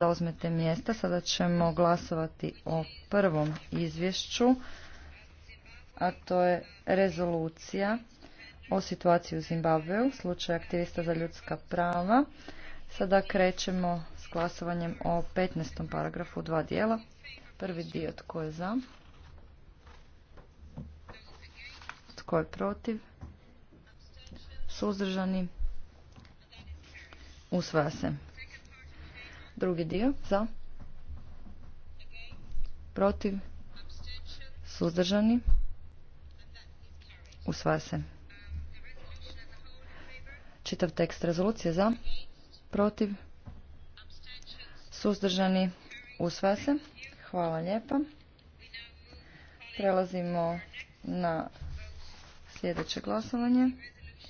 zauzmete mjesta. Sada ćemo glasovati o prvom izvješću, a to je rezolucija o situaciji u Zimbabveu, slučaj aktivista za ljudska prava. Sada krećemo s glasovanjem o 15. paragrafu dva dijela. Prvi dio tko je za, tko je protiv, suzdržani, usvaja se. Drugi dio za. Protiv. Suzdržani. Usvaja se. Čitav tekst rezolucije za. Protiv. Suzdržani. Usvaja se. Hvala lijepa. Prelazimo na sljedeće glasovanje,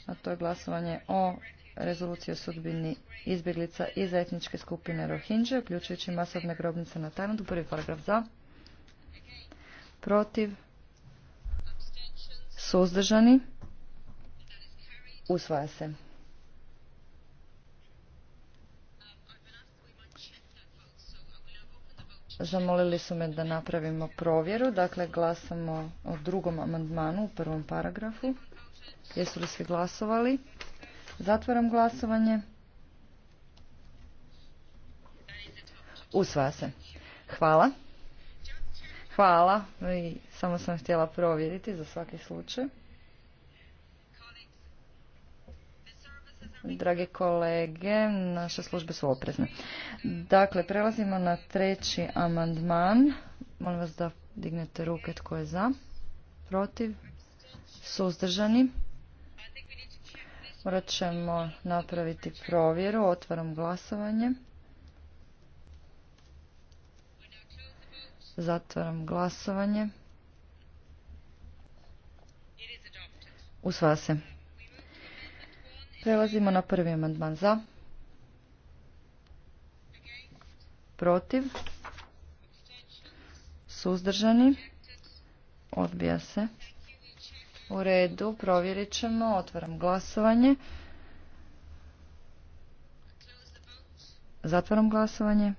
a to je glasovanje o rezoluciju o sudbini izbjeglica iz etničke skupine Rohingya, uključujući masovne grobnice na Tajlandu. Prvi paragraf za, protiv, suzdržani, usvaja se. Zamolili su me da napravimo provjeru, dakle glasamo o drugom amandmanu u prvom paragrafu. Jesu li svi glasovali? Zatvaram glasovanje. Usvaja se. Hvala. Hvala. I samo sam htjela provjeriti za svaki slučaj. Drage kolege, naše službe su oprezne. Dakle, prelazimo na treći amandman. Molim vas da dignete ruke tko je za, protiv, suzdržani. Morat ćemo napraviti provjeru. Otvaram glasovanje. Zatvaram glasovanje. Usvaja se. Prelazimo na prvi amandman za. Protiv. Suzdržani. Odbija se. U redu, provjerit ćemo. Otvaram glasovanje. Zatvaram glasovanje.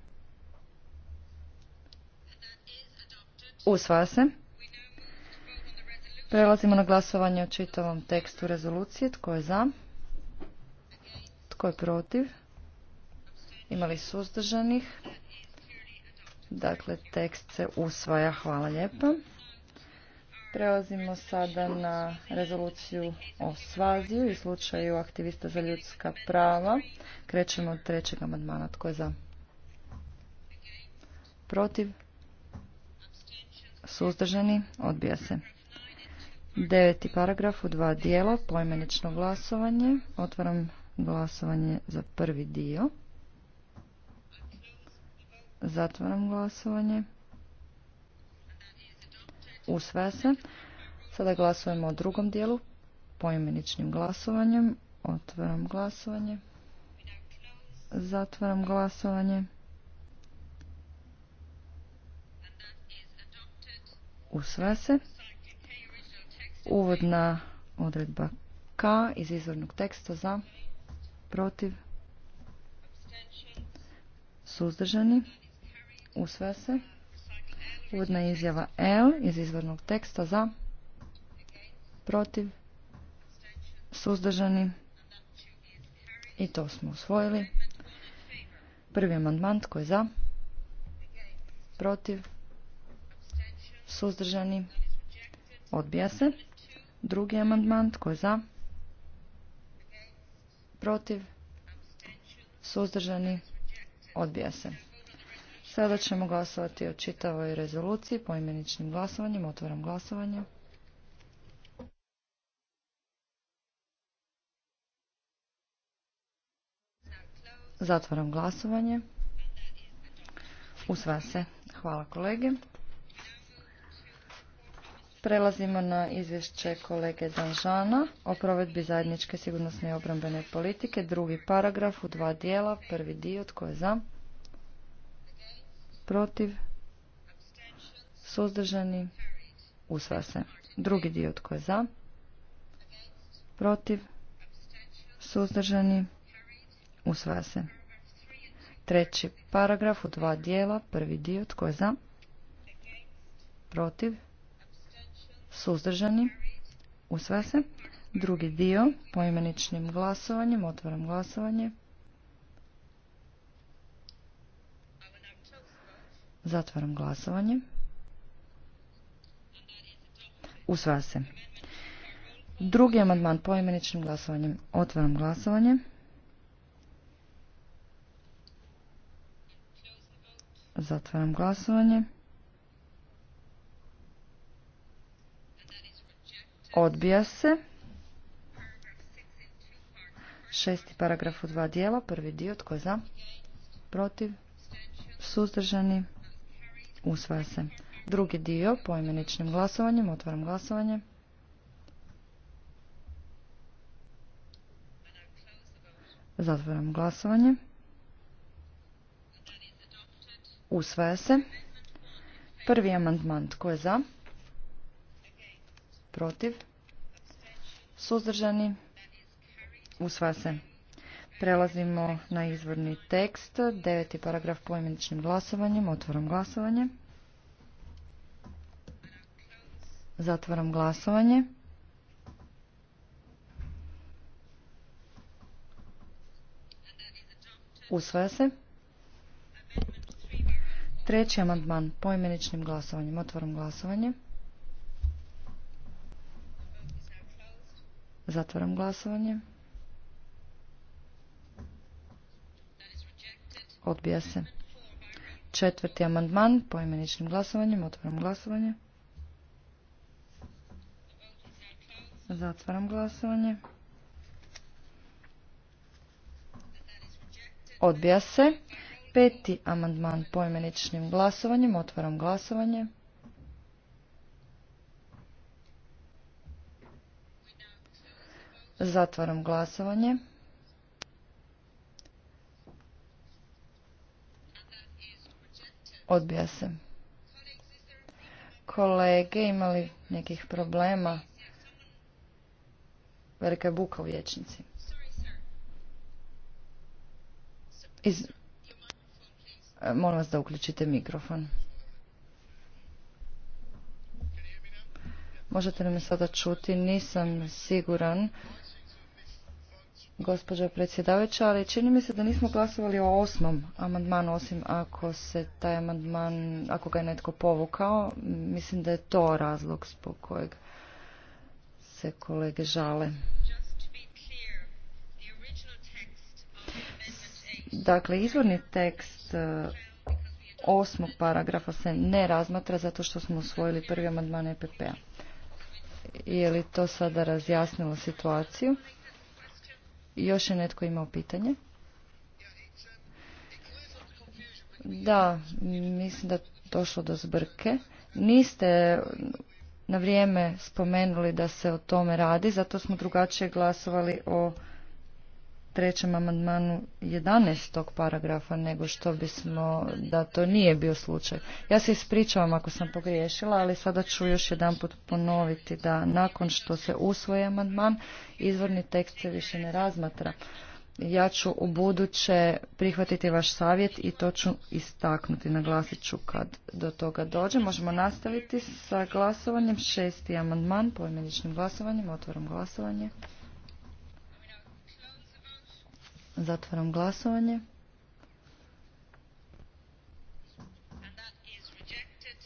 Usvaja se. Prelazimo na glasovanje o čitavom tekstu rezolucije. Tko je za? Tko je protiv? Imali suzdržanih? Dakle, tekst se usvaja. Hvala lijepa. Prelazimo sada na rezoluciju o Svaziju i slučaju aktivista za ljudska prava. Krećemo od trećeg amandmana. Tko je za? Protiv? Suzdržani? Odbija se. Deveti paragraf u dva dijela, pojmenično glasovanje. Otvaram glasovanje za prvi dio. Zatvaram glasovanje. Usvaja se. Sada glasujemo o drugom dijelu poimeničnim glasovanjem. Otvaram glasovanje. Zatvaram glasovanje. Usvaja se. Uvodna odredba K iz izvornog teksta za, protiv, suzdržani. Usvaja se. Uvodna izjava L iz izvornog teksta za, protiv, suzdržani. I to smo usvojili. Prvi amandman tko je za, protiv, suzdržani. Odbija se. Drugi amandman tko je za, protiv, suzdržani. Odbija se. Sada ćemo glasovati o čitavoj rezoluciji poimeničnim glasovanjem. Otvaram glasovanje. Zatvaram glasovanje. Usvaja se. Hvala kolege. Prelazimo na izvješće kolege Danžana o provedbi zajedničke sigurnosne i obrambene politike. Drugi paragraf u dva dijela. Prvi dio tko je za? protiv, suzdržani, usvaja se. Drugi dio tko je za, protiv, suzdržani, usvaja se. Treći paragraf u dva dijela, prvi dio tko je za, protiv, suzdržani, usvaja se. Drugi dio, poimeničnim glasovanjem, otvaram glasovanje. Zatvaram glasovanje. Usvaja se. Drugi amandman poimeničnim glasovanjem. Otvaram glasovanje. Zatvaram glasovanje. Odbija se. Šesti paragraf u dva dijela. Prvi dio. Tko je za? Protiv? Suzdržani? Usvaja se. Drugi dio poimeničnim glasovanjem. Otvaram glasovanje. Zatvaram glasovanje. Usvaja se. Prvi amandman. Tko je za? Protiv? Suzdržani? Usvaja se. Prelazimo na izvorni tekst, deveti paragraf poimeničnim glasovanjem, otvoram glasovanje. Zatvaram glasovanje. Usvaja se. Treći amandman poimeničnim glasovanjem. Otvaram glasovanje. Zatvaram glasovanje. Odbija se. Četvrti amandman po glasovanjem. Otvaram glasovanje. Zatvaram glasovanje. Odbija se. Peti amandman poimeničnim glasovanjem. Otvaram glasovanje. Zatvaram glasovanje. Odbija se. Kolege, imali nekih problema? Velika je buka u vječnici. Iz... E, molim vas da uključite mikrofon. Možete li me sada čuti? Nisam siguran gospođo predsjedavajuća, ali čini mi se da nismo glasovali o osmom amandmanu, osim ako se taj amandman, ako ga je netko povukao. Mislim da je to razlog zbog kojeg se kolege žale. Dakle, izvorni tekst e, osmog paragrafa se ne razmatra zato što smo usvojili prvi amandman EPP-a. Je li to sada razjasnilo situaciju? Još je netko imao pitanje? Da, mislim da je došlo do zbrke. Niste na vrijeme spomenuli da se o tome radi, zato smo drugačije glasovali o trećem amandmanu 11. paragrafa nego što bismo da to nije bio slučaj. Ja se ispričavam ako sam pogriješila, ali sada ću još jedanput ponoviti da nakon što se usvoji amandman, izvorni tekst se više ne razmatra. Ja ću u buduće prihvatiti vaš savjet i to ću istaknuti, naglasit ću kad do toga dođe. Možemo nastaviti sa glasovanjem, šesti amandman, pojedinačnim glasovanjem, otvorom glasovanje. Zatvaram glasovanje.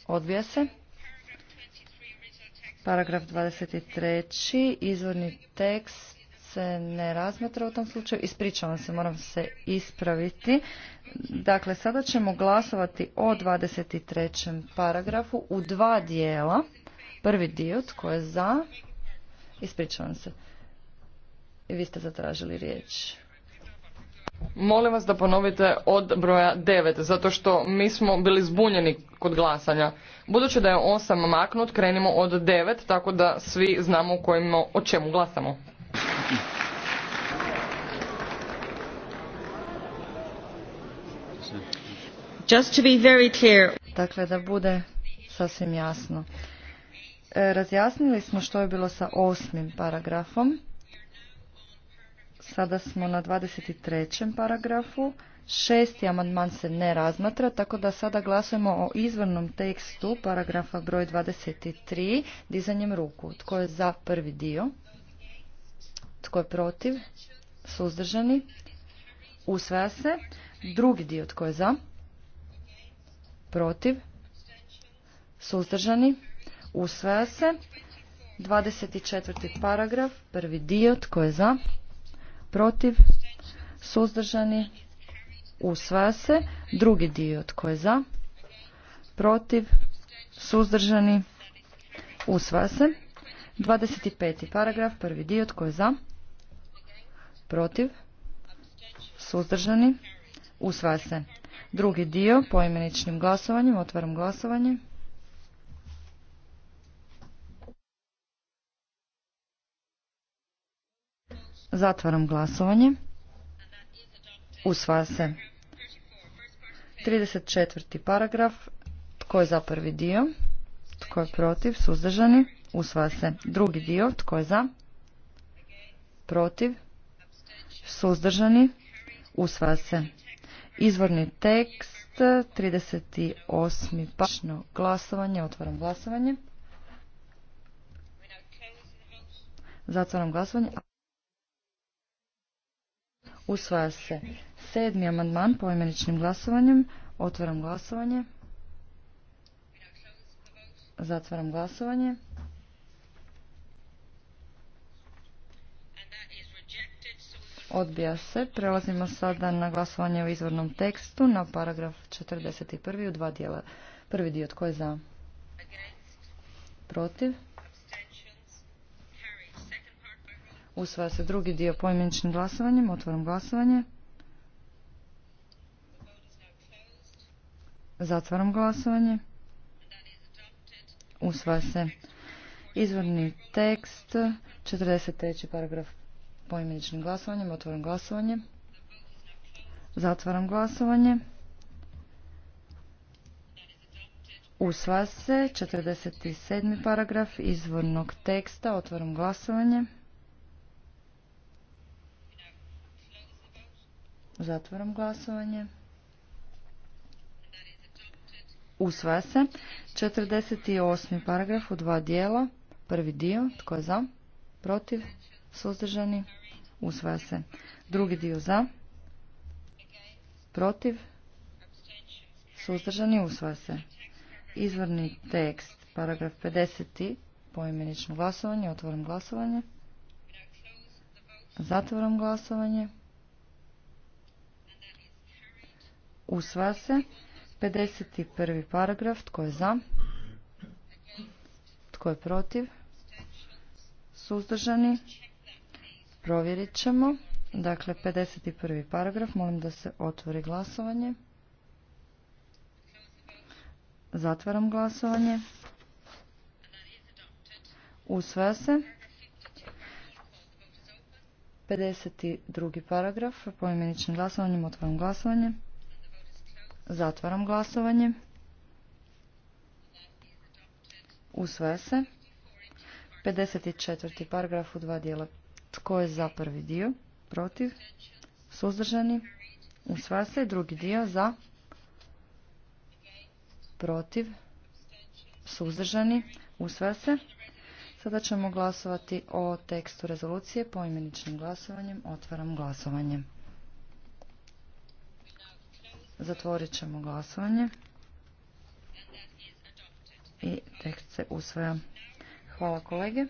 Odbija se. Paragraf 23. Izvorni tekst se ne razmetra u tom slučaju. Ispričavam se, moram se ispraviti. Dakle, sada ćemo glasovati o 23. paragrafu u dva dijela. Prvi dio, tko je za? Ispričavam se. I vi ste zatražili riječ. Molim vas da ponovite od broja 9, zato što mi smo bili zbunjeni kod glasanja. Budući da je 8 maknut, krenimo od 9, tako da svi znamo o, o čemu glasamo. Just to Dakle, da bude sasvim jasno. E, razjasnili smo što je bilo sa osmim paragrafom. Sada smo na 23. paragrafu. Šesti amandman se ne razmatra, tako da sada glasujemo o izvornom tekstu paragrafa broj 23 dizanjem ruku. Tko je za prvi dio? Tko je protiv? Suzdržani? Usvaja se. Drugi dio tko je za? Protiv? Suzdržani? Usvaja se. 24. paragraf, prvi dio tko je za? protiv, suzdržani, usvaja se. Drugi dio tko je za, protiv, suzdržani, usvaja se. 25. paragraf, prvi dio tko je za, protiv, suzdržani, usvaja se. Drugi dio poimeničnim glasovanjem, otvaram glasovanje. Zatvaram glasovanje. Usvaja se. 34. paragraf. Tko je za prvi dio? Tko je protiv? Suzdržani? Usvaja se. Drugi dio. Tko je za? Protiv? Suzdržani? Usvaja se. Izvorni tekst. 38. pačno glasovanje. Otvaram glasovanje. Zatvaram glasovanje. Usvaja se. Sedmi amandman poimeničnim glasovanjem. Otvaram glasovanje. Zatvaram glasovanje. Odbija se. Prelazimo sada na glasovanje u izvornom tekstu na paragraf 41. u dva dijela. Prvi dio tko je za? Protiv? Usvaja se drugi dio pojmeničnim glasovanjem. Otvaram glasovanje. Zatvaram glasovanje. Usvaja se izvorni tekst. 43. paragraf pojmeničnim glasovanjem. Otvaram glasovanje. Zatvaram glasovanje. Usvaja se 47. paragraf izvornog teksta. Otvaram glasovanje. Zatvaram glasovanje. Usvaja se. 48. paragraf u dva dijela. Prvi dio. Tko je za? Protiv? Suzdržani? Usvaja se. Drugi dio za? Protiv? Suzdržani? Usvaja se. Izvorni tekst. Paragraf 50. Poimenično glasovanje. Otvorim glasovanje. Zatvoram glasovanje. Usvaja se. 51. paragraf. Tko je za? Tko je protiv? Suzdržani? Provjerit ćemo. Dakle, 51. paragraf. Molim da se otvori glasovanje. Zatvaram glasovanje. Usvaja se. 52. paragraf. Pojmeničnim glasovanjem otvaram glasovanje. Zatvaram glasovanje. Usvaja se. 54. paragraf u dva dijela. Tko je za prvi dio? Protiv? Suzdržani? Usvaja se. Drugi dio za? Protiv? Suzdržani? Usvaja se. Sada ćemo glasovati o tekstu rezolucije poimeničnim glasovanjem. Otvaram glasovanje. Zatvorit ćemo glasovanje. I tekst se usvaja. Hvala kolege.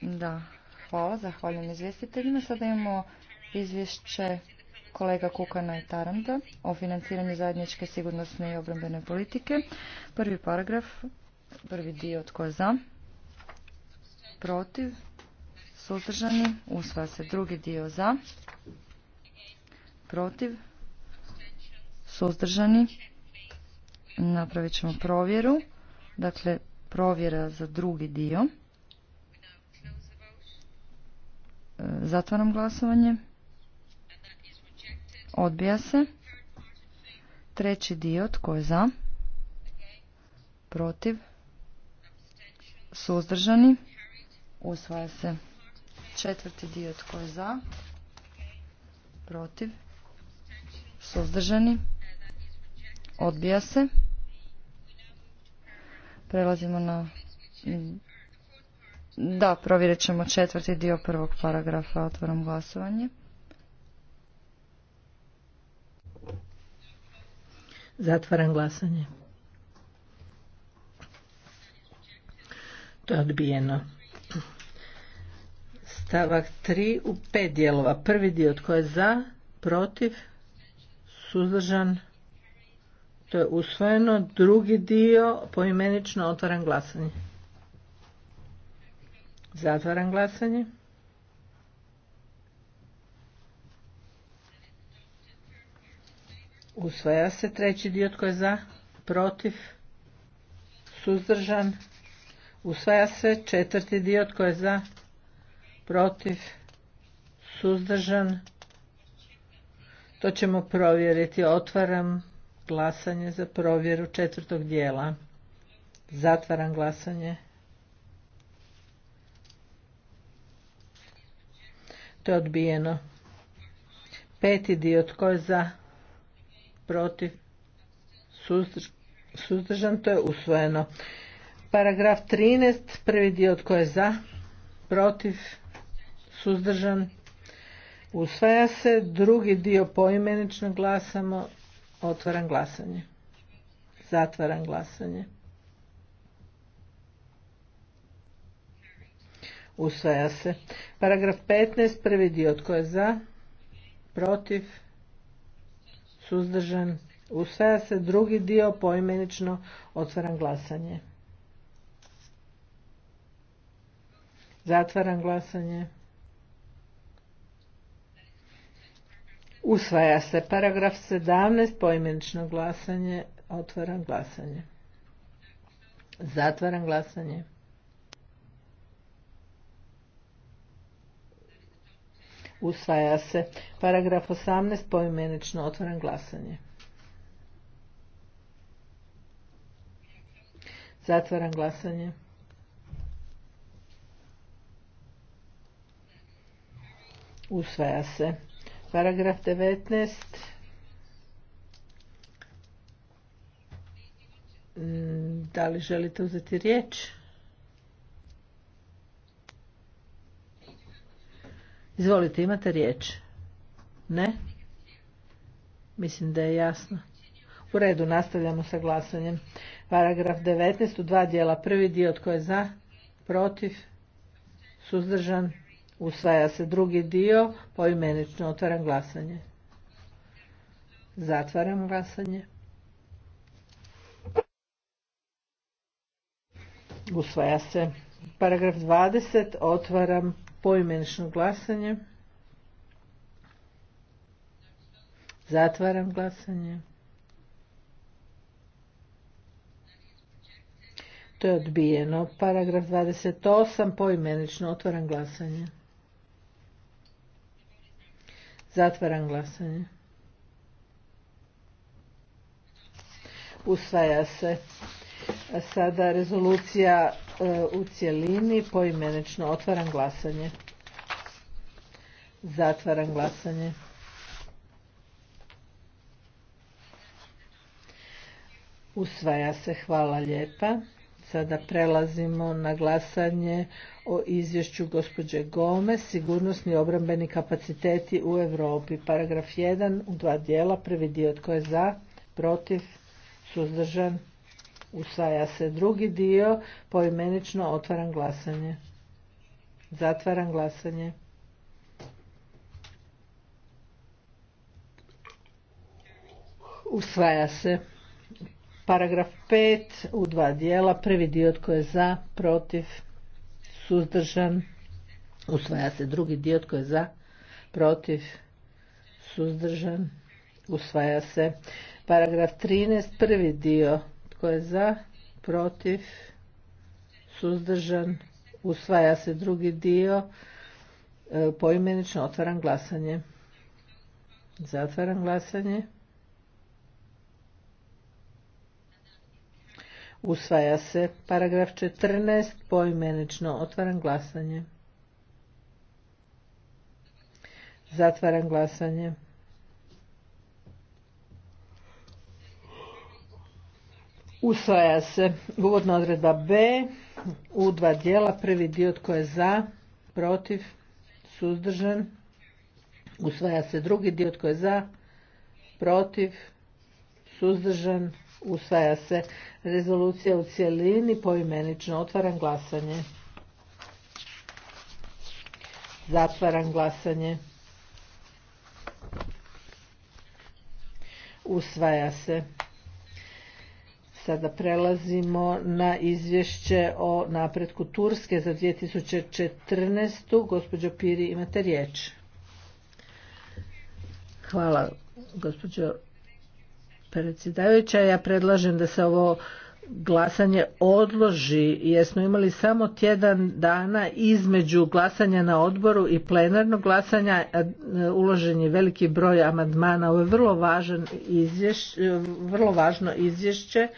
Da, hvala. Zahvaljujem izvjestiteljima. Sada imamo izvješće kolega Kukana i Taranda o financiranju zajedničke sigurnosne i obrambene politike. Prvi paragraf, prvi dio tko je za, protiv, suzdržani, usvaja se drugi dio za, protiv, suzdržani. Napravit ćemo provjeru. Dakle, provjera za drugi dio. Zatvaram glasovanje. Odbija se. Treći dio, tko je za? Protiv? Suzdržani? Usvaja se. Četvrti dio, tko je za? Protiv? Suzdržani? Odbija se. Prelazimo na... Da, provjerit ćemo četvrti dio prvog paragrafa. Otvaram glasovanje. Zatvaram glasanje. To je odbijeno. Stavak 3 u pet dijelova. Prvi dio tko je za, protiv, suzdržan, to je usvojeno. Drugi dio poimenično otvaram glasanje. Zatvaram glasanje. Usvaja se treći dio tko je za, protiv, suzdržan. Usvaja se četvrti dio tko je za, protiv, suzdržan. To ćemo provjeriti. Otvaram glasanje za provjeru četvrtog dijela. Zatvaram glasanje. To je odbijeno. Peti dio tko je za, protiv, suzdržan, to je usvojeno. Paragraf 13, prvi dio tko je za, protiv, suzdržan, Usvaja se drugi dio poimenično glasamo. Otvaram glasanje. Zatvaram glasanje. Usvaja se. Paragraf 15, prvi dio. Tko je za? Protiv? Suzdržan? Usvaja se. Drugi dio poimenično. Otvaram glasanje. Zatvaram glasanje. Usvaja se paragraf 17, poimenično glasanje, otvaram glasanje. Zatvaram glasanje. Usvaja se paragraf 18, poimenično otvaram glasanje. Zatvaram glasanje. Usvaja se. Paragraf 19. Mm, da li želite uzeti riječ? Izvolite, imate riječ. Ne? Mislim da je jasno. U redu, nastavljamo sa glasanjem. Paragraf 19 u dva dijela. Prvi dio tko je za, protiv, suzdržan, Usvaja se drugi dio, poimenično otvaram glasanje. Zatvaram glasanje. Usvaja se. Paragraf 20. Otvaram poimenično glasanje. Zatvaram glasanje. To je odbijeno. Paragraf 28. Poimenično otvaram glasanje. Zatvaram glasanje. Usvaja se. sada rezolucija e, u cjelini poimenično otvaram glasanje. Zatvaram glasanje. Usvaja se. Hvala lijepa. Sada prelazimo na glasanje o izvješću gospođe Gome, sigurnosni obrambeni kapaciteti u Europi. Paragraf 1 u dva dijela, prvi dio tko je za, protiv, suzdržan, usvaja se. Drugi dio, poimenično otvaram glasanje. Zatvaram glasanje. Usvaja se. Paragraf 5 u dva dijela. Prvi dio tko je za, protiv, suzdržan. Usvaja se drugi dio tko je za, protiv, suzdržan. Usvaja se paragraf 13. Prvi dio tko je za, protiv, suzdržan. Usvaja se drugi dio. E, poimenično otvaram glasanje. Zatvaram glasanje. Usvaja se. Paragraf 14. Poimenično otvaram glasanje. Zatvaram glasanje. Usvaja se uvodna odredba B u dva dijela. Prvi dio tko je za, protiv, suzdržan. Usvaja se drugi dio tko je za, protiv, suzdržan usvaja se rezolucija u cjelini poimenično otvaram glasanje zatvaram glasanje usvaja se Sada prelazimo na izvješće o napretku Turske za 2014. Gospođo Piri, imate riječ. Hvala, gospođo predsjedavajuća. Ja predlažem da se ovo glasanje odloži jer smo imali samo tjedan dana između glasanja na odboru i plenarnog glasanja e, uložen je veliki broj amandmana ovo je vrlo, važan izvješć, e, vrlo važno izvješće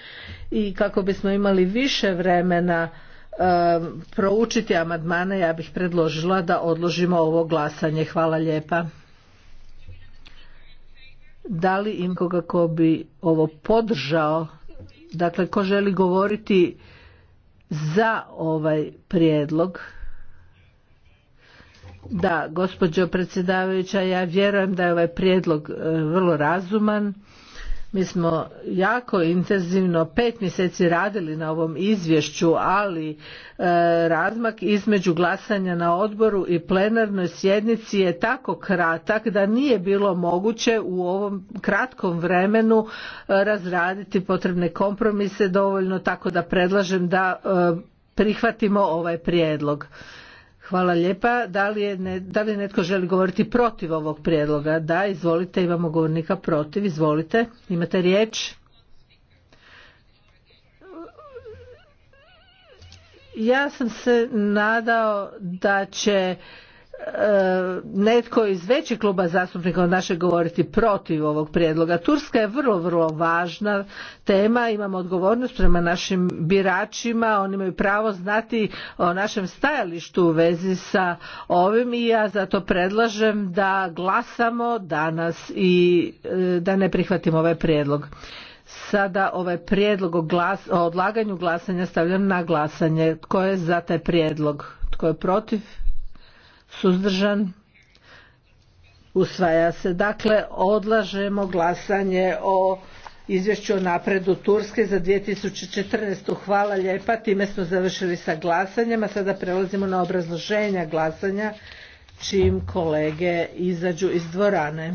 i kako bismo imali više vremena e, proučiti amandmane ja bih predložila da odložimo ovo glasanje hvala lijepa da li im koga ko bi ovo podržao, dakle ko želi govoriti za ovaj prijedlog. Da, gospođo predsjedavajuća, ja vjerujem da je ovaj prijedlog e, vrlo razuman. Mi smo jako intenzivno pet mjeseci radili na ovom izvješću, ali e, razmak između glasanja na odboru i plenarnoj sjednici je tako kratak da nije bilo moguće u ovom kratkom vremenu e, razraditi potrebne kompromise dovoljno tako da predlažem da e, prihvatimo ovaj prijedlog. Hvala lijepa. Da li, netko želi govoriti protiv ovog prijedloga? Da, izvolite, imamo govornika protiv, izvolite, imate riječ. Ja sam se nadao da će E, netko iz većeg kluba zastupnika od našeg govoriti protiv ovog prijedloga. Turska je vrlo, vrlo važna tema, imamo odgovornost prema našim biračima, oni imaju pravo znati o našem stajalištu u vezi sa ovim i ja zato predlažem da glasamo danas i e, da ne prihvatimo ovaj prijedlog. Sada ovaj prijedlog o, o odlaganju glasanja stavljam na glasanje. Tko je za taj prijedlog? Tko je protiv? suzdržan usvaja se dakle odlažemo glasanje o izvješću o napredu Turske za 2014. Hvala lijepa, time smo završili sa glasanjem, a sada prelazimo na obrazloženja glasanja čim kolege izađu iz dvorane.